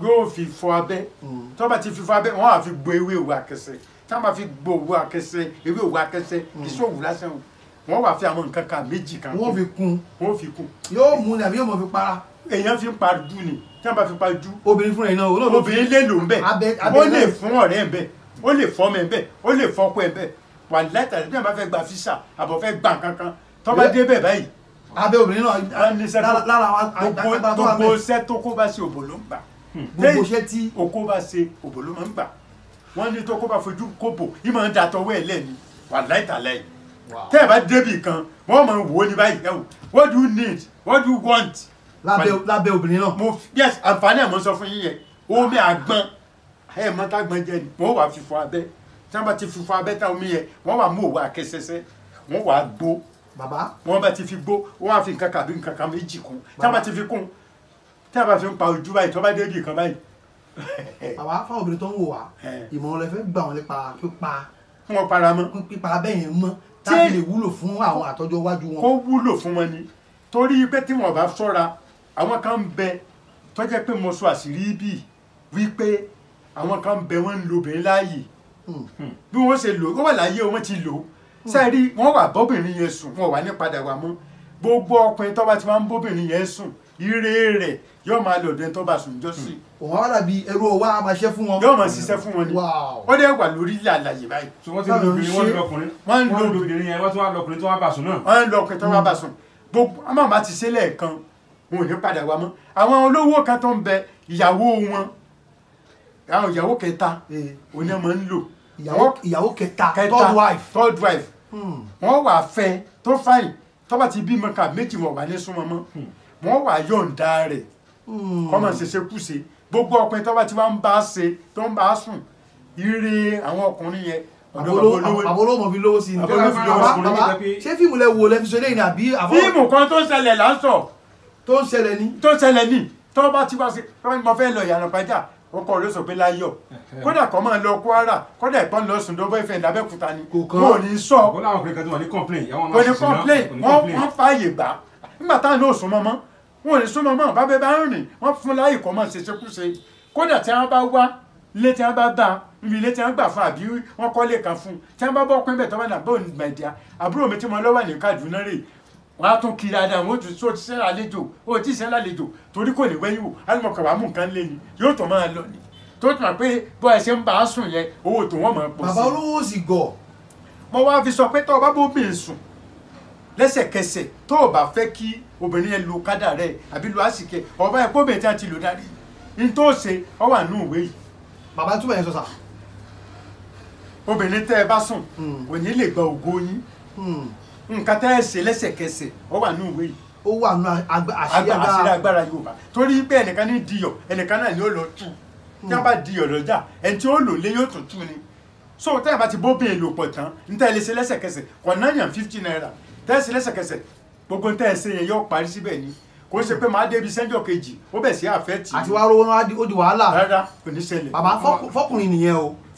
yóò fi fọ abẹ́ hmm. tó bá ti fi fọ abẹ́ wọ́n á fi gbo ewé òwú akẹsẹ̀ tá a máa fi gbo òwú akẹsẹ̀ ewé òwú akẹsẹ̀ hmm. iṣẹ́ òwú lásán wọ́n wà á fi àwọn nǹkan kan méjì kan. wọ́n fi kún. wọ́n fi kún. yóò mú ni àbí yóò mọ̀ fi para èèyàn fi ń pa ju ni tí wọ́n bá fi pa ju. obìnrin fúnra ẹ̀ náà olóòtú obìnrin lè lò ń bẹ̀ ó lè fún ọ̀rẹ́ ẹ̀ bẹ̀ ó lè fọ́ ọmọ ẹ̀ bẹ̀ ó lè fọ́ ọkọ ẹ̀ bẹ̀ wà lẹ́tà tí wọ́n bá fẹ́ gba físà àbọ̀ fẹ́ gbà kankan tó bá dé bẹ̀ báyìí. abẹ́ obìnrin náà lára wa gbogbo iṣẹ́ tó kó bá ṣe òbò ló ń gbà hmm. gbogbo iṣẹ́ tí òkó bá ṣe òbò ló máa ń gbà wọ́n ní tó kó bá fojú kóbò yìí máa ń da tọwọ́ ẹ̀ lẹ́ni wà láìta lẹ́yìn tẹ́ ẹ̀ bá débì kan wọ́n máa wò ó ní báyìí what do you need what do you want lábẹ́ obìnrin náà. mo yes àǹfààní àmọ́ sọ fún yín yẹn omi àgbọn ẹ̀ mọ́tàgbọ́n jẹ ni wọ́n wà fífọ abẹ́ tí wọ́n bá ti fífọ abẹ́ tá omi yẹn wọ́n wà mú òwò àkẹsẹsẹ wọ́n wà gbó bàbá wọ́n bá ti fi gbó wọ́n wà fi nǹkan kàbí nǹkan kan méjì kún tí wọ́n bá ti fi kún tí wọ́n bá fi ń pa ojú báyìí tí wọ́n bá dé ibì kan báyìí. bàbá fáwọn obìnrin tó ń wò wá ìmọ̀ràn lè fẹ́ gbà wọ́n nípa pípa wọn para mọ́ pípa abẹ́ yẹn mọ́ tá a fi lè torí pé tí wọn bá ṣọ́ra àwọn kan ń bẹ tó jẹ́ pé mo sọ àṣírí bì wípé àwọn kan ń bẹ wọ́n ń lo obìnrin láàyè hmm. Hmm. bí wọ́n ṣe lò ó wà láyé wọ́n ti lò ó sẹ́ẹ̀rí hmm. wọ́n wà bọ́bìnrin yẹn sùn wọ́n wà ní padà wà mọ́ gbogbo ọkùnrin tó bá ti máa ń bóbìnrin yẹn sùn ire rẹ yóò máa lọ dẹni tó bá sùn jọ́sìn. òun ara bíi ẹrú ọwọ́ a máa ṣe fún wọn. yóò máa ṣiṣẹ́ fún wọn ni ó dẹ́ wà lórí ilé àlàyé báyìí. tí wọ́n ti lo obìnrin wọ́n lo ọkùnrin wọ́n lo obìnrin yẹn wọ́n tún wá lọ ọkùnrin tó wá bàṣùn náà. wọ́n lo ọkùnrin tó wá bàṣùn gbogbo àmọ́ àmọ́ ti ṣe lẹ́ẹ̀kan wọn ò ní padà wá mọ́ àwọn olówó kan tó ń bẹ ìyàwó wọn àwọn ìyàwó kẹta eh, oní ọmọ ń lò. ìyàwó kẹta third wife. third wife hmm. wọ́n wà fẹ́ tó fàyìn tó bá ti bímọ ká méjì wọ́n wà ní súnmọ́ mọ́ hmm. wọ́n wà yọ̀ǹda rẹ̀ hmm. kọ́mọ̀ ṣẹṣẹ kùsè gbogbo ọkùnrin tó bá ti wá ń bá ṣe tó ń bá sùn ire àwọn ọkùnrin yẹn àbólómọ̀ fi lówó sí i. àbólómọ̀ fi lówó sí i. ṣé fíìmù lẹ wo lẹ fi ṣe lẹ́yìn àbí. fíìmù kan tó ṣẹlẹ̀ là ń sọ tó ń ṣẹlẹ̀ ní. tó ń ṣẹlẹ̀ ní tó bá ti wá sí mo fẹ́ lọ ìyànà pàjá ọkọ rẹ sọ pé láyọ̀ kódà kan máa lọ kwara kódà ìpọn lọ sùn lọ́wọ́ ìfẹ́ ìdábẹ́kúta ni kò ní sọ kò ní complain wọ́n wọ́n fààyè gbà nígbà táwọn náà sún mọ́mọ́ wọn ò ní sún mọ́mọ́ bá bẹ́ẹ̀ bá ń rìn wọ́n fún láyè kọ́ máa ṣe ṣekúṣe kódà tí wọ́n bá wá ilé tí wọ́n bá bá ibi ilé tí wọ́n gbà fún àbí wọ́n kọ́ lè kàn fún tí wọ́n bá bọ́ pín bẹ́ẹ̀ tọ́ wọ́n á tún kiri ada wọn ó tún tó ti sẹ́ra àlejò ó ti sẹ́ra àlejò torí kò lè wẹ́yìn wò alimọ̀kọ̀ wàá mú nǹkan lé ni yóò tó máa lọ ni tó tún wà pé bọ́ ẹ ṣe ń bá a sùn yẹn owó tó wọ́n máa pọ̀ sí. bàbá olówó sì gọ̀. mo wá fi sọ pé tó o bá bóbìnrin sùn lẹ́sẹ̀kẹsẹ̀ tó o bá fẹ́ kí obìnrin yẹn lo kádà rẹ̀ àbí lo àsìkẹ́ ọba ẹ̀ kó tí a ti lò dárí n tó ṣe nǹkan tẹ́ ẹ ṣe lẹ́sẹ̀kẹsẹ̀ ó wà ní ìwé yìí. ó wà ní àṣírí agbára yorùbá torí pé ẹnìkan ní diyọ̀ ẹnìkan náà ni ó lọ tù hmm. tí wọ́n bá diyọ̀ lọ́jà ẹni tí ó lò lé yóò tún tù ni so tẹ́ ẹ bá ti bóbin èlò pọ̀ tán n tẹ́ ẹ lè ṣe lẹ́sẹ̀kẹsẹ̀ kò náyàn fifty naira tẹ́ ẹ ṣe lẹ́sẹ̀kẹsẹ̀ gbogbo tẹ́ ẹ ṣe yẹn yóò parí síbẹ̀ ni kò ṣe pé màá débi sẹ́jọ́ kejì ó bẹ̀ sí àfẹ́ tì í. àti wàá rówó náà ó di wàhálà. rárá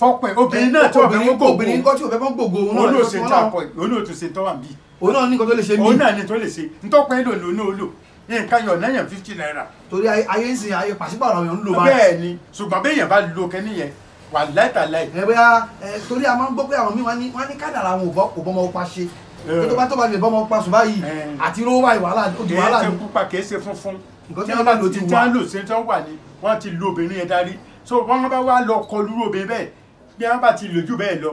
fọpẹ obìnrin náà tí ọbẹ wọn gbogbo obìnrin kọ tí ọbẹ wọn gbogbo òun náà ló ṣe tí àpọ òun náà tó ṣe tọ́ wà bí. òun náà ní nǹkan tó lè ṣe mí. òun náà ní tó lè ṣe ntọ́pẹ́ lò ló ní olò nǹkan yọ̀ náyàn fifty naira. torí ayé ń sin ayé pàṣípàrọ̀ yọ̀ ń lò báyìí. bẹ́ẹ̀ ni ṣùgbọ́n yẹn bá lo kẹ́ni yẹn wà láìtàláì. ẹ bẹ́ẹ̀ torí a máa ń gbọ́ pé àwọn míì wọ́n ní kádàrà àwọn ò bọ́ ọmọ pa ṣe tó bá tó bá lè bọ́ ọmọ pa sùn báyìí àti rówó báyìí wàhálà òdì wàhálà ni. kì í ṣe pupa kì í ṣe funfun tí wọ́n bá lò ti wà ní wọ́n ti lo obìnrin yẹn darí so wọ́n bá wá lọ kọlu obìnrin bẹ́ẹ̀ bí wọ́n bá ti lò jù bẹ́ẹ̀ lọ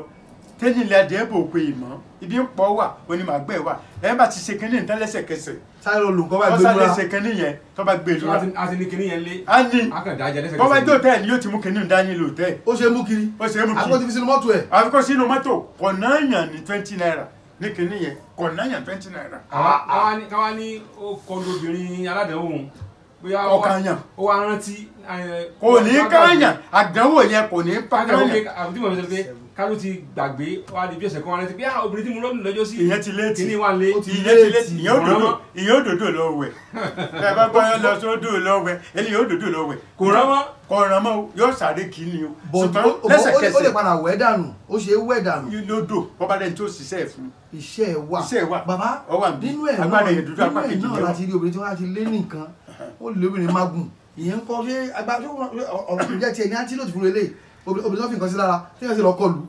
tẹ́lẹ̀ ilẹ̀ adìẹ bò pé ìmọ̀ ibi ń pọ̀ wà onímọ̀gbẹ́ wà ẹ̀ bá ti ṣe kínní tán lẹ́sẹ̀kẹsẹ̀. sáré olùkọ́ bá gbé lura ọ̀sán lẹ́sẹ̀ kínní yẹn tó bá gbé lura. a ti ní kínní yẹn lé. a ní bọ́bá tó tẹ̀ ni yóò ti mú kínní dání lò tẹ̀. ó ṣe mú kiri ó ṣe mú kiri àfikún ti fi sínú mọ́tò ẹ̀. àfikún sínú mọ́tò kọ̀nàyàn ní twenty naira ní kínní yẹn kọ̀nàyàn twenty naira. àwa ni ó ọkànyàn ó wá rántí. Eh, kò ní kànyàn àdánwò yẹn kò ní pa kànyàn. àbútí mọ̀ mi sọ pé kálú ti gbàgbé wá di bí ọ̀sẹ̀ kan wá rántí pé ah obìnrin tí mo lọ́dún lọ́jọ́ sí ìyẹn ti létí ìyẹn ti létí ìyẹn òdòdó ìyẹn òdòdó lọ wẹ̀ ẹ bá bá yẹn lọ sódò lọ wẹ̀ ẹni yẹn òdòdó lọ wẹ̀. kò rán mọ́ kò rán mọ́ yóò sáré kì í ni o. bọ̀dọ̀ ó lè padà wẹ̀ dànù ó ṣe é dànù. lódò bọ́bá dẹ́ni tó ṣiṣẹ́ fún. iṣẹ́ ẹ̀ wà nínú ẹ̀ náà nínú ẹ̀ náà láti rí obìnrin tí wọ́n á ti lé nìkan ó lè obìnrin magun ìyẹn ń kọ́ ṣé agba ṣé ọ̀rọ̀ tó jẹ́ tiẹ̀ ní antilote fún relé obìnrin náà fi nǹkan sí lára tí wọ́n sì lọ kọlù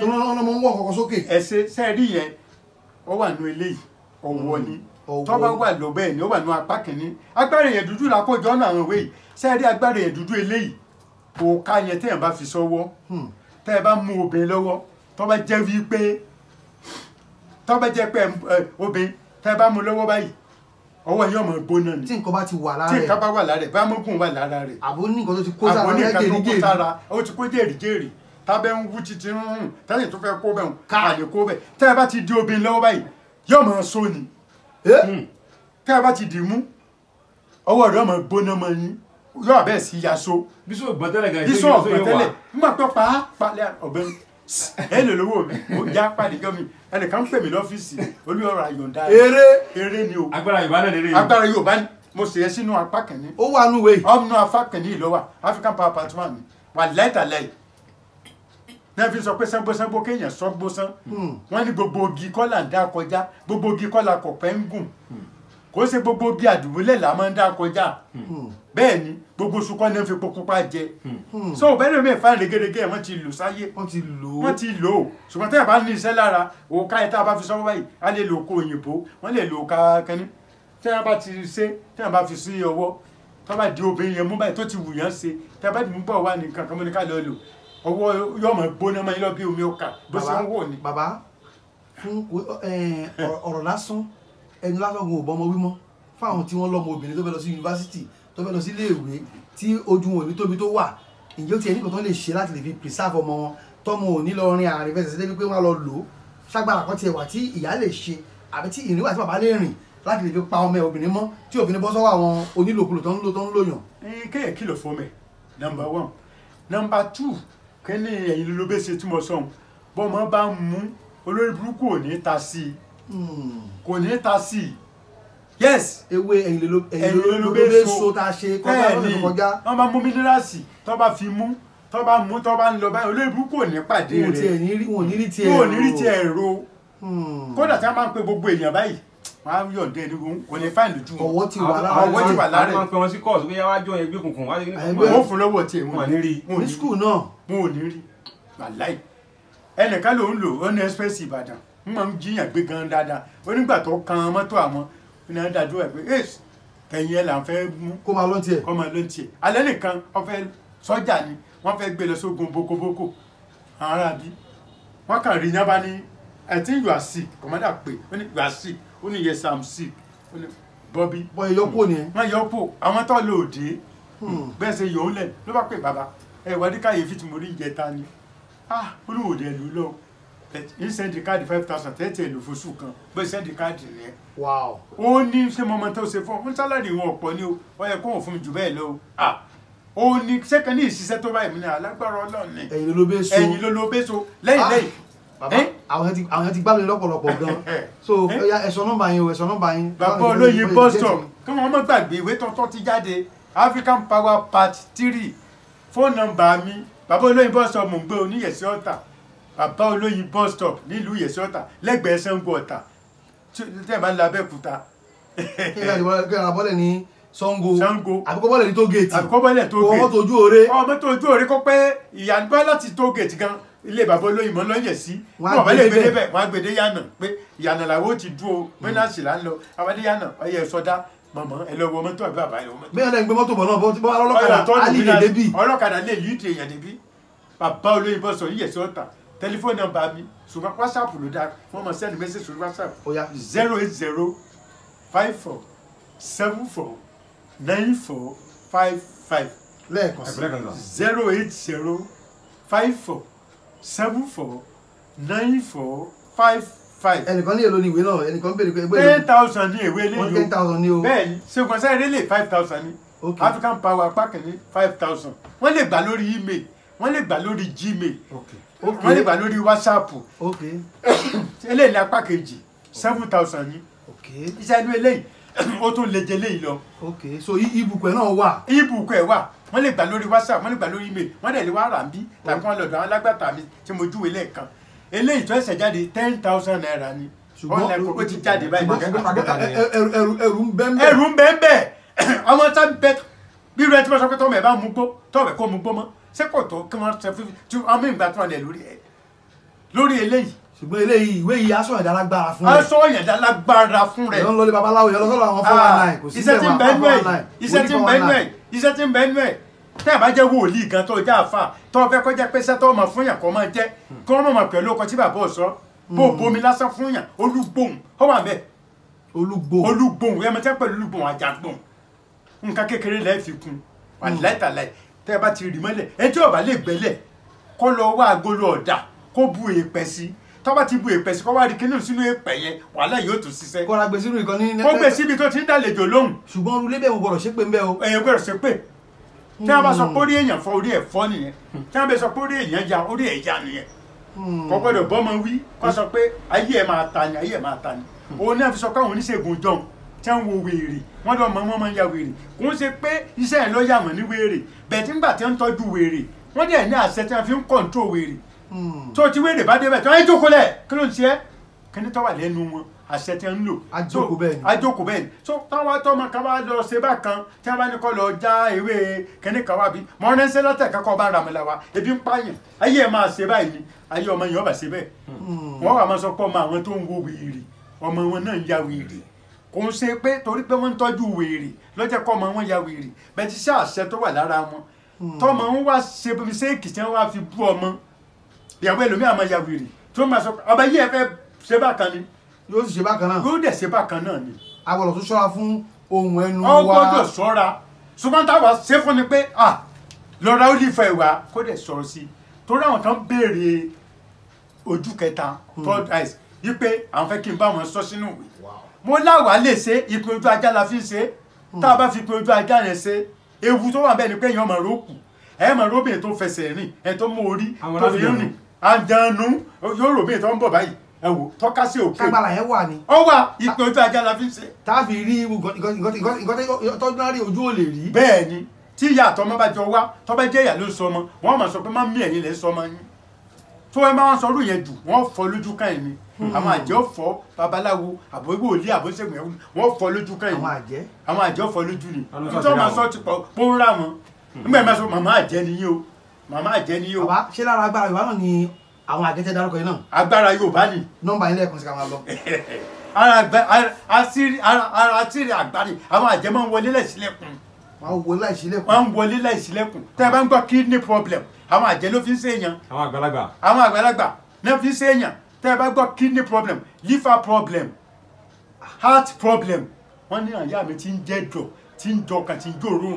tó lọ́nà ọmọ ń wọ̀ kọ̀kọ́ sókè. ẹ ṣe sẹ́ẹ̀rí yẹn ó wà nù eléyìí ọ̀wọ́ ni tó bá wà lọ bẹ́ẹ̀ ni ó wà nù apá kìíní agbára yẹn dúdú la kó jọ́nà àwọn ìwé yìí sẹ́ẹ̀rí agbára yẹn dúdú eléyìí òòka yẹn tẹ́yàn bá fi sọ́wọ́ hmm. tẹ́yàn bá mú obìnrin lọ́wọ́ tó bá jẹ́ wípé tó bá mú lọ́wọ́ báyìí ọwọ́ yìí ọmọ gbóná ni. tí nǹkan bá ti wà lára rẹ̀ tí nǹkan bá wà lára rẹ̀ bá mọ́gùn wà lára rẹ̀. àbò ní nǹkan tó ti kó sára rẹ̀ gèrè gèrè àbò ní nǹkan tábẹ́ ń wú títí ń rún tẹ́lẹ̀ tó fẹ́ kó bẹ̀ ń ká lè kó bẹ̀ tẹ́ ẹ bá ti di obìnrin lọ́wọ́ báyìí yóò máa so ni hmm. tẹ́ ẹ bá ti dì í mú ọwọ́ rẹ̀ ọmọ gbóná mọ́ yín yóò àbẹ́ sí yaso bísọ̀ ọ̀gbọ́n tẹ́lẹ̀ ẹnìkan ń pè mí lọ́fíìsì olú ọ̀rọ̀ àyọ̀ǹda eré eré ni o agbára yorùbá náà lérè yìí agbára yorùbá mo ṣe é sínú apá kìíní ó wà nù wẹ̀ ọ̀nà apá kìíní yìí ló wà african power part one wà láìtàláì náà fi sọ pé sángbósángbó kéèyàn sángbósán hmm. wọn ní gbogbo ogi kọ́là ń dá kọjá gbogbo ogi kọ́là kọ̀pẹ́ ń gùn hmm. kó ṣe gbogbo ogi àdùbúlẹ̀ là máa ń dá kọjá hmm bẹ́ẹ̀ ni gbogbo sukọ́ ni wọ́n fi pupa jẹ hmm. Hmm. so bẹ́ẹ̀ lómi ìfáàn regerege wọ́n ti lò sáyé wọ́n ti lò ó wọ́n ti lò ó ṣùgbọ́n tẹ́yà bá ní iṣẹ́ lára òòka ẹ̀ tá a bá fi sọ́wọ́ báyìí a lè lò ó kó òyìnbó wọ́n lè lò ó ká kẹ́ni tẹ́yà bá ti ṣe tẹ́yà bá fi sí ọwọ́ tó bá di obìnrin yẹn mú báyìí tó ti wù yẹn ṣe tẹ́yà bá ti mú bọ̀ wá nìkan kan mọ́ ní ká lọ lò ọwọ́ yọmọ gbóná mọ́ ilọ́ bí omi ọkà bó ṣe ń wọ̀ ni. bàbá fún ọ̀rọ̀ lásán ẹnu lásán kò bọ́ ọmọ wímọ́ fáwọn tí wọ́n lọ́mọ obìnrin tó fẹ́ lọ sí yunifásitì tó fẹ́ lọ sí ilé ìwé tí ojú wọn ò ní tóbi tó wà ǹjẹ́ ó ti ẹ̀ nìkan tó lè ṣe láti lè fi preserve ọmọ wọn tọ́mọ ò ní lọ rin àárín fẹsẹ̀ sílẹ̀ wípé wọ́n lọ lò ó ṣágbára kan tiẹ̀ wà tí ìyá lè ṣe àbí tí ìrìn wà tí bàbá lè rìn láti lè fi pa ọmọ obìnrin mọ́ tí òfin bọ́ sọ́wọ́ àwọn onílòkulò tó ń lò tó ń lòyàn. kéèyàn kìlọ̀ fún mi number one number two kẹ́lẹ́ ẹ̀yin ló bẹ́ẹ̀ ṣe túmọ̀ sọ́hun bọ́mọ bá ń mú olórí burúkú ò ní ta sí i hmm. kò ní ta sí i yes ewé ẹ̀yìnlélógbé so tá a ṣe kọjá lọ́dún kọjá. wọ́n máa mú mínírààsì tó bá fi mú tó bá mú tó bá ń lọ báyìí olóògùn kò ní pàdé rẹ̀ wọn ò ní rí tiẹ̀ ro wọn ò ní rí tiẹ̀ ro hmm. kódà tí wọ́n máa ń pe gbogbo èèyàn báyìí wọ́n á yọ̀ǹde ẹni kò ní fáìn lójú wọn ọwọ́ ti wà lára ọwọ́ ti wà lára ẹ̀ wọ́n pe wọn sí kọ́ọ̀sì pé yàrá jọ ẹgbẹ́ kùnkùn wá wọn fún lọ́wọ́ wọn ò ní rí ní wọn dájú ẹ pé ace tẹ̀yìn ẹ là ń fẹ́ mú. kó máa ló ń tiẹ̀. kó máa ló ń tiẹ̀ alẹ́ nìkan wọ́n fẹ́ sọ́jà ni wọ́n fẹ́ gbé lọ sógun bokoboko àwọn bí wọ́n kàn rí yán ní i think you are sick commander pé ó ní you are sick ó ní yes i am sick ó ní bọ́bí. wọ́n yọ pò ní. wọ́n yọ pò àwọn tó lò dé hmm. bẹ́ẹ̀ ṣe yòó lẹ̀ ló bá pè bàbá ẹ̀ wọ́n ní káyé fìtìmọ́rí ìjẹta ni ah olùwòde ẹ̀ ló lọ́wọ́ n sẹ́ndì káàdì five thousand tẹ́tẹ̀ èlò fóṣù kan bẹ́ẹ̀ sẹ́ndì káàdì rẹ̀. ó ní ṣé mo mọ tó ṣe fún ọ n sálárì wọn ọ̀pọ̀ ni o ó yẹ kó wọn fún mi jù bẹ́ẹ̀ lọ o ní sẹ́kẹ̀ ní ìṣiṣẹ́ tó báyìí mi ní alágbára ọlọ́run ni ẹ̀yin ló bẹ́ so ẹ̀yin ló bẹ́ so lẹ́yìn ah, lẹ́yìn bàbá àwọn ti àwọn ti gbá mi lọ́pọ̀lọpọ̀ gan so ẹ̀sọ́ nọ́mbà yín o ẹ̀sọ́ nọ́mbà yín. bàbá olóyin boston kí wọn má gbàgbé ìwé tuntun ti jáde african power part three fóònù nọ́mbà mi bàbá olóyin boston mò ń gbé oníyẹ̀sí ọ̀tà bàbá olóyin bus stop nílùú ìyẹ̀sọ́ ọ̀tà lẹ́gbẹ̀ẹ́ Ṣàngó ọ̀tà tẹ́ ẹ̀ máa ń la abẹ́òkúta. kí ẹ kí ẹ bọ́lẹ̀ ní Ṣàngó àbíkọ́ bọ́lẹ̀ ní tógèètì àbíkọ́ bọ́lẹ̀ tógèètì ọmọ tójú oore ọmọ tójú oore kó pé ìyàgbá láti tógèètì gan ilé bàbá olóyin mọ́ lọ́yẹ̀ sí wọn bá lè gbé débẹ̀ wọn á gbé dé yànnà pé ìyànnà làwọn ò ti dúró mẹ́nàṣì hmm. là ń lọ àwọn dé yànnà ọyẹ sọdá mọ̀mọ́ ẹ lọ wọ mọ́tò àbí bàbá ẹ lọ mọ́tò. bẹ́ẹ̀ ni gbé mọ́tò bọ̀ náà bọ́ tí bọ́ ọlọ́kadà á lè débi. ọlọ́kadà lè yí ìtì èèyàn débi bàbá olóyin bọ́ sọ yíyẹ̀ sí ọ̀tà tẹlifóònù nọ́mbà mi ṣùgbọ́n whatsapp ló dáa wọ́n mọ̀ send message sórí whatsapp zero eight zero five four seven four nine four five five lẹ́ẹ̀kan sí zero eight zero five four seven four nine four five five. ẹnìkan ní èlò ni ìwé náà ẹnìkan béèrè pé ten thousand ní ìwé eléyìí o ten thousand ní o. bẹ́ẹ̀ni ṣègùn ọsẹ eré lè five thousand ní. ok african power apá kìíní five thousand wọ́n lè gbà lórí email wọ́n lè gbà lórí gmail. Okay wọ́n lè gbà lórí Ok. eléyìí lápá kejì seven thousand ni iṣẹ́ inú eléyìí ó tún lè jẹ eléyìí lọ. ok so ibùkún ẹ náà wà. ibùkún ẹ wà wọ́n lè gbà lórí whatsapp wọ́n lè gbà lórí email wọ́n dẹ̀ lè wá rà ń bí tàbí wọ́n lọ́dọ̀ àwọn alágbàtà mi tí mo júwe lẹ́ẹ̀kan eléyìí tó ẹsẹ̀ jáde ten thousand naira ni ṣùgbọ́n ó ti jáde báyìí. ẹrù ń bẹ́ẹ̀ bẹ́ẹ̀ ọmọ sábẹ́ bí irú ẹ tí wọ́n sọ pé tọ́mọ̀ ẹ ṣé kò tó kí wọ́n ṣe fífi tí wọ́n mú ìgbà tí wọ́n lẹ̀ lórí ẹ̀ lórí eléyìí. ṣùgbọ́n eléyìí ìwé yìí aṣọ ìdá lágbára fún rẹ. aṣọ ìdá lágbára fún rẹ. ìyọ́n lọ́lé babaláwo ìyọ́n lọ́sọ̀rọ̀ àwọn fún wa náà kò sí ìṣẹ́ tí ń bẹ́ẹ̀ nú ẹ̀ iṣẹ́ tí ń bẹ́ẹ̀ nú ẹ̀ iṣẹ́ tí ń bẹ́ẹ̀ nú ẹ̀ tẹ́ ẹ̀ bá jẹ́ wòlíì gan tó já àfà tó fẹ́ kọjá pé sẹ́tọ́ ọmọ fún yàn kọ́ máa jẹ́ kọ́ ọmọ mọ̀ pẹ̀lú ọkọ tí bàbá ò sọ hmm. bó bomi lásán fún yàn olúgbòhùn ó wà bẹ́ẹ̀. olúgbòhùn olúgbòhùn ẹ̀ mọ̀ tẹ́ pẹ̀lú olúgbòhùn àjàgbòhùn nǹkan kékeré lẹ́ẹ̀ fi kún hmm. wà tẹ́ ẹ bá ti rì mọ́lẹ̀ ẹ tí ò bá lè gbẹ́lẹ̀ kó lọ wá agolo ọ̀dà kó bu èèpẹ̀ sí tó bá ti bu èèpẹ̀ sí kó wá rí kíní sínú èèpẹ̀ yẹn wàhálà yóò tún ṣiṣẹ́. kọ́ra gbèsè ìlú ìkànnì ní. kó gbèsè ibi tó ti ń dàlejò lóhùn. ṣùgbọ́n orúlé bẹ́ẹ̀ mo gbọ́dọ̀ ṣe pé ń bẹ́ o. ẹ̀yẹ gbọ́dọ̀ ṣe pé tí wọ́n bá sọ pé orí èèyàn fọ orí ẹ̀ fọ́ nìyẹn hmm. tí wọ́n bá sọ pé orí èèyàn ya orí ẹ̀ ya nìyẹn. Hmm. kò gbọ́dọ̀ bọ́mọ wí kó tẹ́ ń wo wèrè wọ́n lọ́ọ́ mọ̀ wọ́n máa ń ya wèrè kò ń ṣe pé iṣẹ́ ẹ̀ lọ́ọ́ yàmọ̀ ní wèrè bẹ̀tí ńgbà tí ń tọ́jú wèrè wọ́n dẹ̀ ní àṣẹ tí wọ́n fi ń kọ̀ǹtró wèrè hmm. tó ti wèrè bá débẹ̀ tí wọ́n yẹ jókòó lẹ̀ kí ló ń ṣe é kí ni tó wà lẹ́nu wọn àṣẹ tí ń lò àjókòó bẹ́ẹ̀ ni àjókòó bẹ́ẹ̀ ni so táwọn tọmọ kan bá lọ ṣe bákan tí wọn bá ní kọ lọ já ewé kínní kan wá bí mọ́rẹ́nsẹ́ látẹ̀ kankan bá ramẹ́lá wa ebi ń pààyàn ayé ẹ̀ máa ṣe báyìí ni ayé ọmọ yìí ọba ṣe bẹ́ẹ̀ hmm. wọ́n wà máa sọ pé ọmọ àwọn tó ń wo wèrè ọmọ wọn náà ń ya wèrè kò ń ṣe pé torí pé wọ́n ń tọ́jú wèrè lọ́jọ́ kọ́ ọmọ wọn ya wèrè bẹ́ẹ̀ ti ṣe àṣẹ tó wà lára wọn hmm. tọ́mọ wọn wá ṣe mistake tí wọ́n wá fi bú ọmọ ìyàwó ẹlòmíì àmọ́ ya wèrè tí wọ́n máa sọ ọba yìí ẹ fẹ́ ṣe bákan ni yóò sì ṣe bákan náà yóò dẹ̀ ṣe bákan náà ni. agbọ́dọ̀ tó ṣọ́ra fún ohun ẹnu wa ọ ṣọ́ra ṣùgbọ́n táwa ṣe fún ni pé ah lọ́ra ó nífẹ̀ẹ́ ìwà kó dẹ̀ sọ̀rọ̀ sí i torí àwọn kan béèrè ojú kẹta hmm. third eyes yí pé àwọn fẹ́ kí n bá wọn sọ sínú ìwé mo láwàá lè ṣe ìpín ojú ajá la fi ṣe hmm. tá a bá fi ìpín ojú ajá yẹn ṣe ewu tó wà bẹ́ẹ̀ ni pé èèyàn mọ̀ rókù ẹ̀ mọ̀ róbìn tó fẹsẹ̀ rìn ẹ̀ tó mú orí tó fi rìn àjànú yóò róbìn tó ń bọ̀ báyìí ẹ wò tọ́ka sí òkè. tágbàlà yẹn wà ní. ó wà ìpín ojú ajá la fi ṣe. tá a fi rí ìgọ́tọ́jú ojú ò lè rí. bẹ́ẹ̀ ni tí ìyá àtọmọ bá jọ wá tó bá jẹ́ ìyá ló sọ ọmọ wọn máa sọ pé má mí ẹ̀yìn lè sọ ọmọ yín tó ẹ máa ń sọ ọdún yẹn jù wọn fọ lójú ká ẹ̀mí Hmm. àwọn àjẹ́ ọ̀fọ́ babaláwo àbóyúwò ilé àbóṣègùn ẹ̀wọ̀n wọ́n fọ́ lójú kẹ́yìn àwọn àjẹ́ ọ̀fọ́ lójú ni nítorí wọn sọ ti pọ̀ pọ́nrà wọn hmm. nígbà yẹn bá sọ màmá àjẹ́ niyó màmá àjẹ́ niyó. bàbá ṣé lára agbára Yorùbá náà ni àwọn àjẹ́ tẹ́ dárúkọ yìí náà. agbára Yorùbá ni. nọ́mbà yín lẹ́ẹ̀kan sí ká máa lọ. ara àtìrì àgbárí àwọn àjẹ́ máa ń wọlé lẹ́sílẹ̀kùn wọ́n wọlé àìsílẹ̀kùn. wọ́n wọlé àìsílẹ̀kùn tẹ́ ẹ bá ń gbọ́ kidney problem àwọn àjẹ́ ló fi ń ṣèyàn. àwọn àgbàlagbà. àwọn àgbàlagbà náà fi ń ṣèyàn tẹ́ ẹ bá gbọ́ kidney problem liver problem heart problem wọ́n ní àyà mi ti ń jẹ́ jọ ti ń jọkàn ti ń jòrò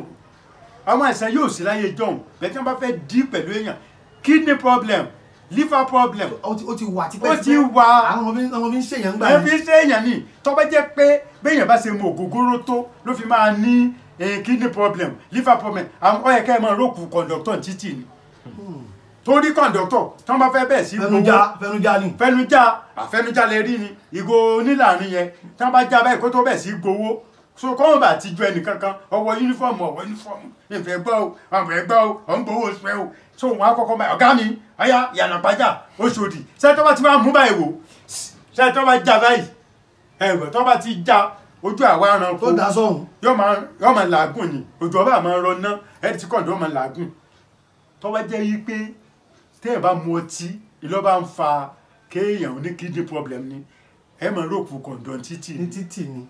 àwọn àìsàn yóò sí láyé jọ̀hún bẹ́ẹ̀ tí wọ́n bá fẹ́ dí pẹ̀lú èèyàn kidney problem liver problem. ó ti wà tipẹ́ tipẹ́ ó ti wà àwọn ọmọ mi ń ṣèyàn gbà ní. ẹbí ṣèyàn ni tó bá jẹ́ pé béèyàn bá ṣe mu ògógóró tó ló fi máa ní eh, kidney problem liver problem àwọn ọ̀yẹ̀kẹ́ ẹ̀ máa rókù kọ̀ǹdọ̀tọ̀ títì ni. Hmm torí kọ̀ǹdọ́tọ̀ tí wọ́n bá fẹ́ bẹ̀ sí. fẹnujá fẹnujá ni. fẹnujá àfẹnujá lè rí ni ìgò onílànà yẹn tí wọ́n bá já báyìí kó tó bẹ̀ sí gbowó so kọ́wọ́n bá ti ju ẹnìkankan ọwọ́ yúnífọ́ọ̀mù ọwọ́ yúnífọ́ọ̀mù ìfẹ́ gbọ́ o àwọn ẹgbẹ́ o ọ̀n gbowó oṣù ẹ o so wọn akọkọ báyìí ọ̀gá mi ọ̀yá yànnà pàjá oṣòdì sẹ́tọ́ bá ti wá mú báyìí wò sẹ́tọ́ bá já báyìí ẹ̀wẹ̀ tọ́ bá ti já ojú àwa aranko tó dá sọ̀hún yóò máa làágùn ni ojú ọba máa ń rọ ná ẹ̀ ti kọ̀ọ̀dọ̀ máa làágùn tọ́wọ́ jẹ́ yí pé téèyàn bá mu ọtí ìlọ́ bá ń fa kéèyàn ní kidney problem ni ẹ mọ̀ rò pò kọ̀ǹdọ̀n títì ni. títì ni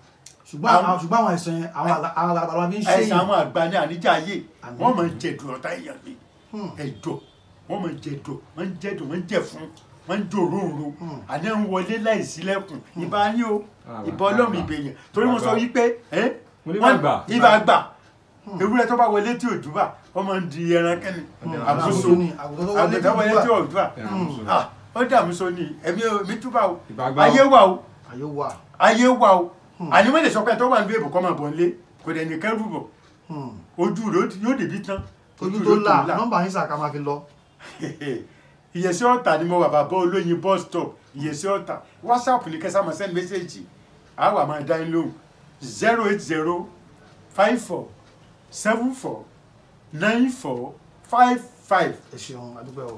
ṣùgbọ́n ṣùgbọ́n àwọn àìsàn àwọn àgbàlagbà fi ń ṣe yìí. àìsàn àwọn àgbà ní àníjà ayé wọ́n máa ń jẹ ẹ̀dùn ọ̀tá èèyàn mi hmm. ẹ̀dọ̀ wọ́n máa ń jẹ ẹ̀dọ̀ wọ́n ń jẹ ẹ̀dùn wọ́n ń jẹ fún wọ́n ń jò róòrò hmm. àní ń wọlé láìsílẹ̀kùn hmm. ìbá yín o ìbá ọlọ́run ìbèèyàn torí wọ́n sọ wípé ìbá gbà ewúrẹ́ tó bá wọlé tí ò dùn bà wọ́n máa ń di ẹran kẹ́ni àgùsọ àgbẹ̀dáwọ̀ ẹni tí ò dùn à ó dààmú sọ ni ẹ̀mí mi túbà o ayé wà o ayé wà o hmm. àní wọ́n lè sọ pé tó wà ń gbé ìbùkọ́ máa bọ̀ nílé kò dẹ̀ nìkan rúbọ̀ hmm. ojú rẹ̀ yóò dèbí tán ojú tó là nọ́mbà yín sàkà máa fi lọ. ìyẹ̀sí ọ̀tà ni mo wà bàbá olóyin bus stop ìyẹ̀sí ọ̀tà whatsapp ní kẹsàn-án máa send message àwa máa dá in lóhùn zero eight zero five four seven four nine four five five. ẹ ṣeun adúpẹ́ o.